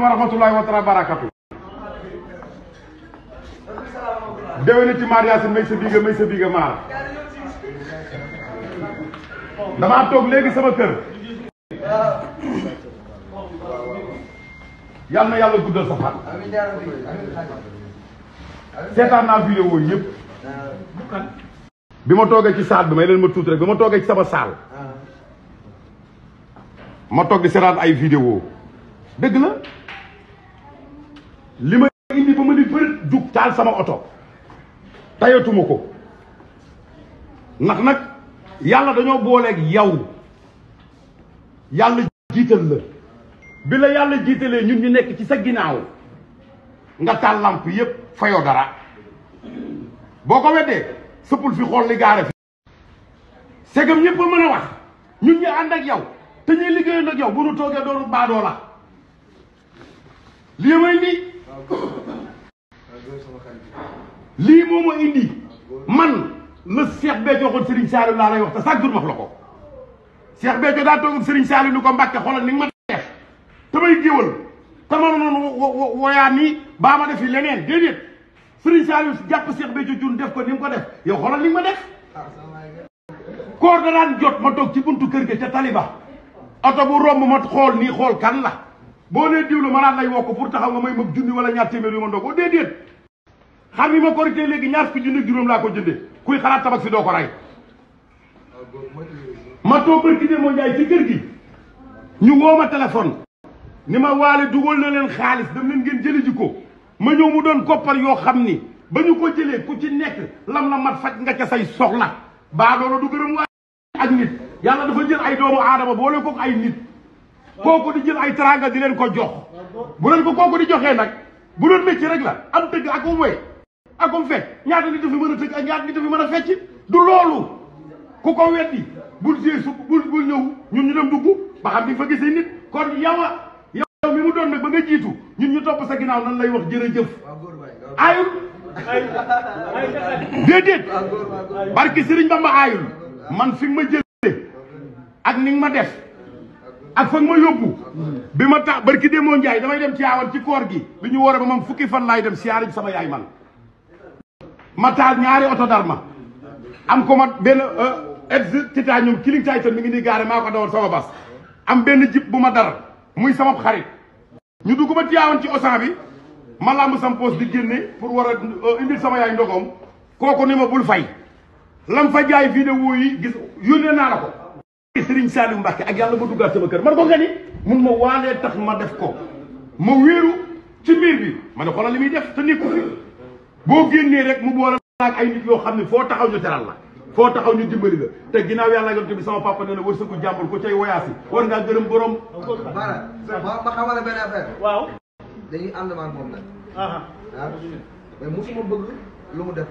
wa rahmatullahi wa taala barakatu déwéniti maar yaasin may sa biiga may toog léegi sama kër yal na yàlla guddal sa fan seetaan naa vidéo yëpp bi ma toogee ci saal bi may leen ma tuuti rek bi ma toogee ci sama saal ma toog di seetaan ay vidéo dëgg la li ma indi ba ma ni bëri jug taal sama oto tayatuma ko ndax nag yàlla dañoo booleeg yow yàlla jiital la bi la yàlla jiitalee ñun ñu nekk ci sa ginnaaw nga taal lamp yépp fayoo dara boo ko weddee sëppul fi xool li gaare fi segam ñëpp a mën a wax ñun ñu ànd ak yow te ñuy liggéeyoon ak yow bu nu toogee doonu baadoo la lii may nii lii moo ma indi man la Cheikh Béthio waxoon Serigne Saliou laa lay wax te chaque jour wax la ko Cheikh Béthio daa toog Serigne Saliou ni ko Mbàkke xoolal ni ma def tamay géwal tama noonu woyaa nii baa ma defi leneen déedéet Serigne Saliou jàpp Cheikh Béthio jun def ko ni ko def yow xoolal ni ma def koor da daan jot ma toog ci buntu kër gi ca taliba oto bu romb ma xool nii xool kan la boo nee diwlu ma naan lay wokk pour taxaw nga may mag junni wala ñaar téeméer yu ma ndogoo déedéet xam yi ma ko korité léegi ñaar fukki junni juróom laa ko jëndee kuy xalaat tabax si doo ko rey ma toog barki de moo njaay ci kër gi ñu woo ma téléphone ni ma waale dugal na leen xaalis dem leen ngeen jëli ji ko ma ñëw mu doon koppal yoo xam ni ba ñu ko jëlee ku ci nekk lam la mat faj nga ca say soxla baa doona du gërëm waa ak nit yàlla dafa jël ay doomu aadama boole kook ay nit koku di jël ay teranga di len ko jox bu len ko koku di joxe nak bu doon metti rek la am tëgg ak um way ak um fecc ñaata nit dafa meuna a ak ñaata nit dafa meuna fecc du lolu ku ko weddi bul jesu bu bu ñew ñun ñu dem duggu ba xam bi fa gisee nit kon yow a yow mi mu don nak ba nga jitu ñun ñu top sa ginaaw nan lay wax jeuf ayul dedet barki serigne Bamba ayul man fi ma jëlee ak ni ma def ak fa ma yóbbu bi ma ki barki moo Njaay damay dem Tiwaawan ci koor gi bi ñu woore ba moom fukki fan laay dem siyaare sama yaay man ma taal ñaari oto dar ma am ko ma benn euh, ex titanium kiling titan mi ngi nii gaare maa ko dawal sama bas am benn jib bu ma dar muy sama xarit ñu dugg ba Tiwaawan ci osan bi ma làmb sam di génne pour war a euh, indil sama yaay ndogoom kooku ni ma bul fay lam fa jaay vidéo yi gis yónnee naa ko Sëriñ Saliou Mbacke ak yàlla ma duggaat sama kër man ko nga ni mun ma waalee tax ma def ko ma wéeru ci miir bi ma ne xoolal li muy def te nekku fi boo génnee rek mu boole ak ay yoo xam ne foo taxaw ñu teral la foo taxaw ñu dimbali la te ginnaaw yàlla yonent bi sama papa nee na wërsëgu jàmbur ko cay woyaasi war ngaa gërëm borom. voilà ma xamal la benn affaire. waaw. dañuy ànd maag moom nag. ah mais mosuma lu mu def.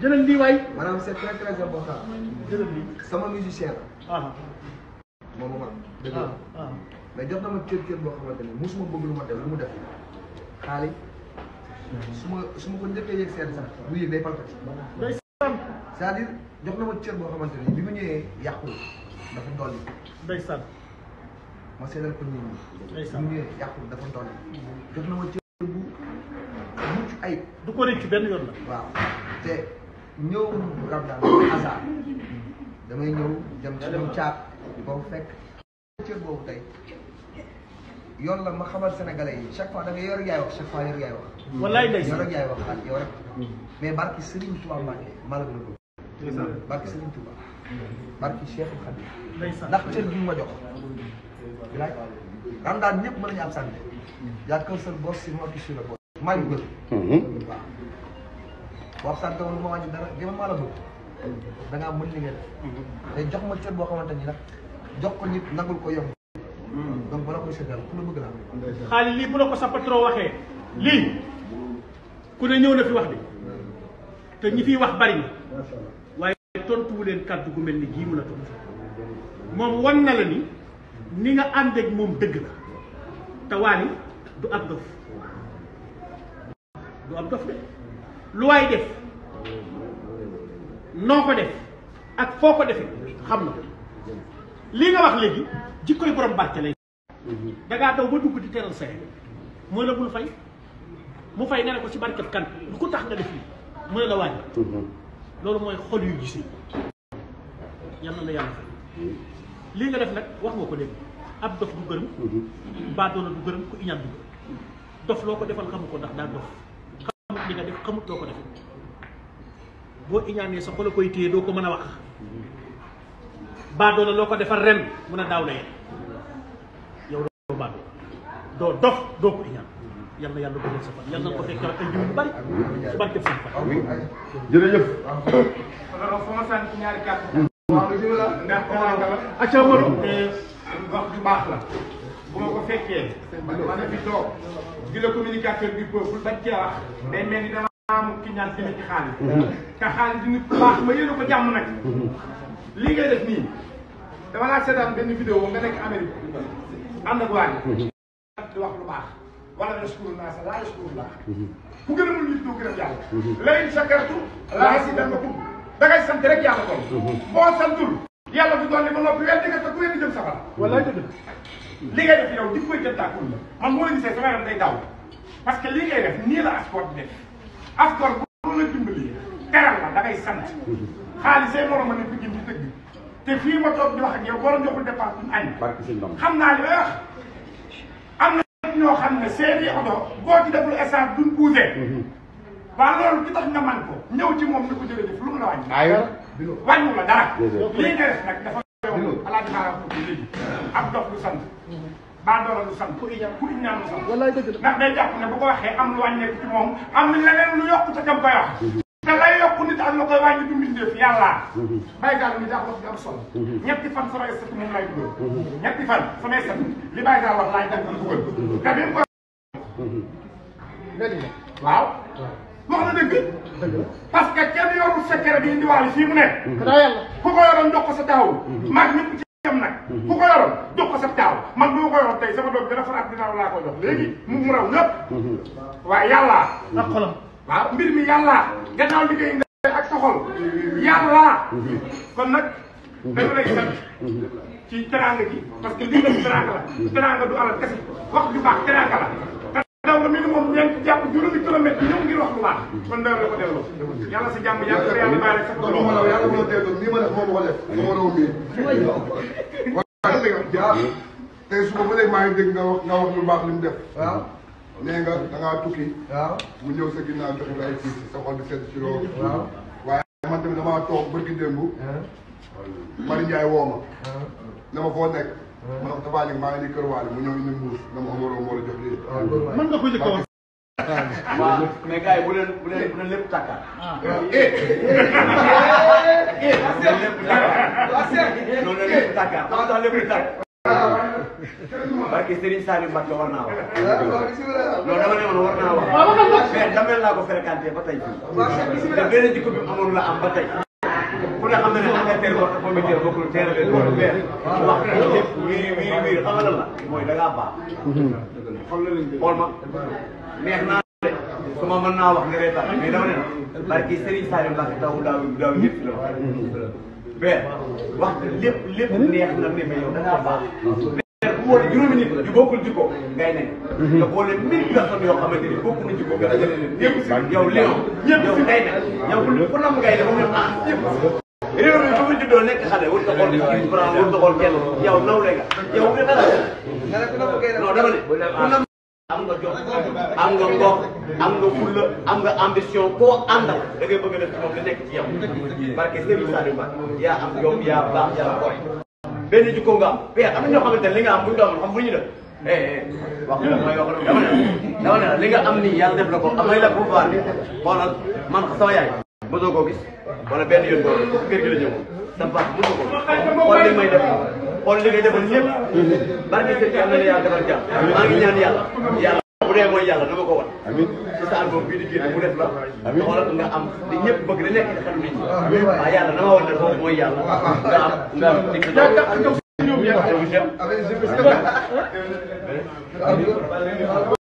jëlal lii waay. maanaam c'est très très important. jëlal sama musicien la. Ah. moom ma mag dëgg la ah, ah. mais jox na ma cër cër boo xamante ne musuma bëgg lu ma def lu mu def xaalis su ma su ma ko njëkkee yëg seen sax bu yëg day palpati cest à jox na ma cër boo xamante ne bi mu ñëwee yàqul dafa dolli. ndeysaan ma seetal ko dafa dolli. jox na ma cër bu mucc ayib. du ko rëcc benn yoon la. waaw te. ñëw Ramadan hasard damay ñëw dem ci ñoom caat boo fekk cër boobu tey yoon la ma xamal sénégalais yi chaque fois da nga yor yaay wax chaque fois yor yaay wax. wallaay day yor yaay wax ak yow rek hmm. mais barki Serigne Touba Mbacké malal na ko. barki Serigne Touba hmm. barki Cheikh Khadim ndax cër bi ma jox. laaj Ramadan ñëpp mën nañu am hmm. sànni waxtaan woon ma wàññi dara jéem maa bëgg da ngaa mën li nga def jox ma cër boo xamante ni jox ko nit nangul ko yomb donc bala koy seetal ku la bëgg laa xaalis lii bu la ko sa patron waxee lii ku ne ñëw na fi wax bi te ñi wax bari gu mu la tontu na la ni ni nga ak la du ab dof du ab dof de lu def noo ko def ak foo ko defee xam na lii nga wax léegi jikkoy borom barke lay mhm. dangaa daw ba dugg di teral sa mooy la bul fay mu fay nga ne ko ci barkeb kan lu ko tax nga def lii mu ne la wàññi mhm. loolu mooy xol yu gisee la yàlla mhm. lii nga def nag wax nga ko léegi ab dof du gërëm baadoola du gërëm ku iñaan du dof loo ko defal xamu ko ndax daa dof xamut li nga def xamut too ko def bo iñane sa xol a koy téye doo ko mën a wax baadoola loo ko defal rem mun a yow do baadoo do dof do ko iñane yalla yalla ko guddal sa fat yalla na ko fekkal ay jiw yu bari su barke sa fan jërëjëf alors sama sant ci ñaari kàddu waaw jërëjëf la ndax ko la acca maro wax ju baax la bu ma ko fekkee ne fi toog di la communicateur du peuple bañ ci wax day mel maamu ki ñaan tamit ci xaalis. te xaalis di ku baax ma yéene ko jàmm nag. lii ngay def nii laa seetaan benn vidéo nga nekk Amérique ànd ak waa ji. di wax lu baax wala yaskurullah sa laa yaskurullah. ku gërëmul a doo gërëm yàlla. a in shakartu la azidannakum da ngay sant rek yàlla kon. boo santul yàlla du doon li ba noppi weddi nga te safara. li ngay def yow di koy jëntaakul la man moo la gisee sama yaram day ak gor bu la dimbali teral la da ngay sant xaalisee moroom ma ne bi gin di tëgg te fii ma toog di wax ak yow borom joxul dépense duñ añ xam naa li may wax am na ñoo xam ne seeni oto boo ci deful essence duñ bougé waaw loolu ci tax nga man ko ñëw ci moom ni ko jërëjëf lu mu la wàññi wàññu la dara lii nga def nag dafa yow alaaji maaraam léegi ab dox du sant baadoolo lu sant. ku iñaan ku iñaan lu sant. wallaay dëgg la ndax day jàpp am lu wàññeeku ci moom am leneen lu yokk ca kam nit ak lu koy wàññi du mbindeef yàlla. bàyyi gaal mi daa solo. ñetti fan samay sët moom lay li bàyyi gaal wax laay dagg dugal. te bi mu koy. dëgg la waaw. dem nag mhm. ku ko yoroon jox ko sa man bu ma ko yoroon tey sama doom dina faraat dina laa ko jox léegi mhm. mu raw ñëpp mhm. waaye yàlla ak xolam mbir mi yàlla gannaaw liggéey nga ak sa xol kon nag dañu lay sant ci teraanga ji parce que lii nag teraanga la teraanga du alal kese wax ju baax teraanga la te daw nga minimum ñeent jàpp juróomi kilomètre lu baax kon daaw la ko delloo ma def moo ma nga wax nga lu baax li mu def waaw nee nga da mu ñëw sa ginnaaw jox la ay tiis sa xol di sedd ci loolu waaye man tamit damaa toog bërki démb Mari Ndiaye woo ma na ma foo nekk ma ne ko Tapha ni kër waale mu ñëw indi mbuus na ma amaroo moo la waaw mais gars yi bu leen bu leen bu leen lépp takka. lépp takka. non lépp takka. parce que Serigne Saliou Mbacke war naa wax. non dama ne woon war naa wax. mais damel laa ko fréquenté ba tey jii. te benn jikko bi amoon la am ba tey. ku ne xam na ne affaire terre boo ko météo bokkul teel a leen boole weer. wax dëgg yëpp wiiri wiiri wiiri xam nga lan la mooy da ngaa baax. xool ma. neex naa de su ma mën naa wax nga reetaan mais dama ne barki Serigne Saliou Mbacke taw daaw daaw ñëpp la wax mais wax na ne mais yow da ngaa baax mais bu nit yu bokkul jikko ngay ne te boole mille personnes yoo xamante ni bokk na jikko nga dajale leen ñëpp si yow léew yow ngay ne ku nam ngay dafa ñëw ah ñëpp réew mi bu juddoo nekk xale wut ko xool wut ko xool kenn yow naw la nga yow nga dara non dama ne am nga jom am nga ngor am nga fulla am nga ambition koo àndal da ngay bëgg a def ci moom li nekk ci yow. barke Serigne Saliou Ba yaa am jom yaa baax yaa ngor benn jikko nga am mais am na ñoo xamante ne li nga am bu ñu doon xam bu ñu def. Eh, eh, wax dëgg mooy wax dama ne la dama ne la li nga am nii yàlla def la ko am may la pouvoir bi xoolal man sama yaay. mosoo koo gis wala benn yoon boobu kër gi la ñëw sama papa mosoo ko xool li may def. xool li ngay defal ñëpp barke sëñ bi yàlla na yàlla defal jàmm maa ngi ñaan yàlla yàlla bu dee mooy yàlla na ma ko wan si sa album bii di génn mu def la xoolal nga am di ñëpp bëgg di nekk ci xelu nit ñi waaw yàlla na ma wan ne foofu mooy yàlla nga am nga am di ko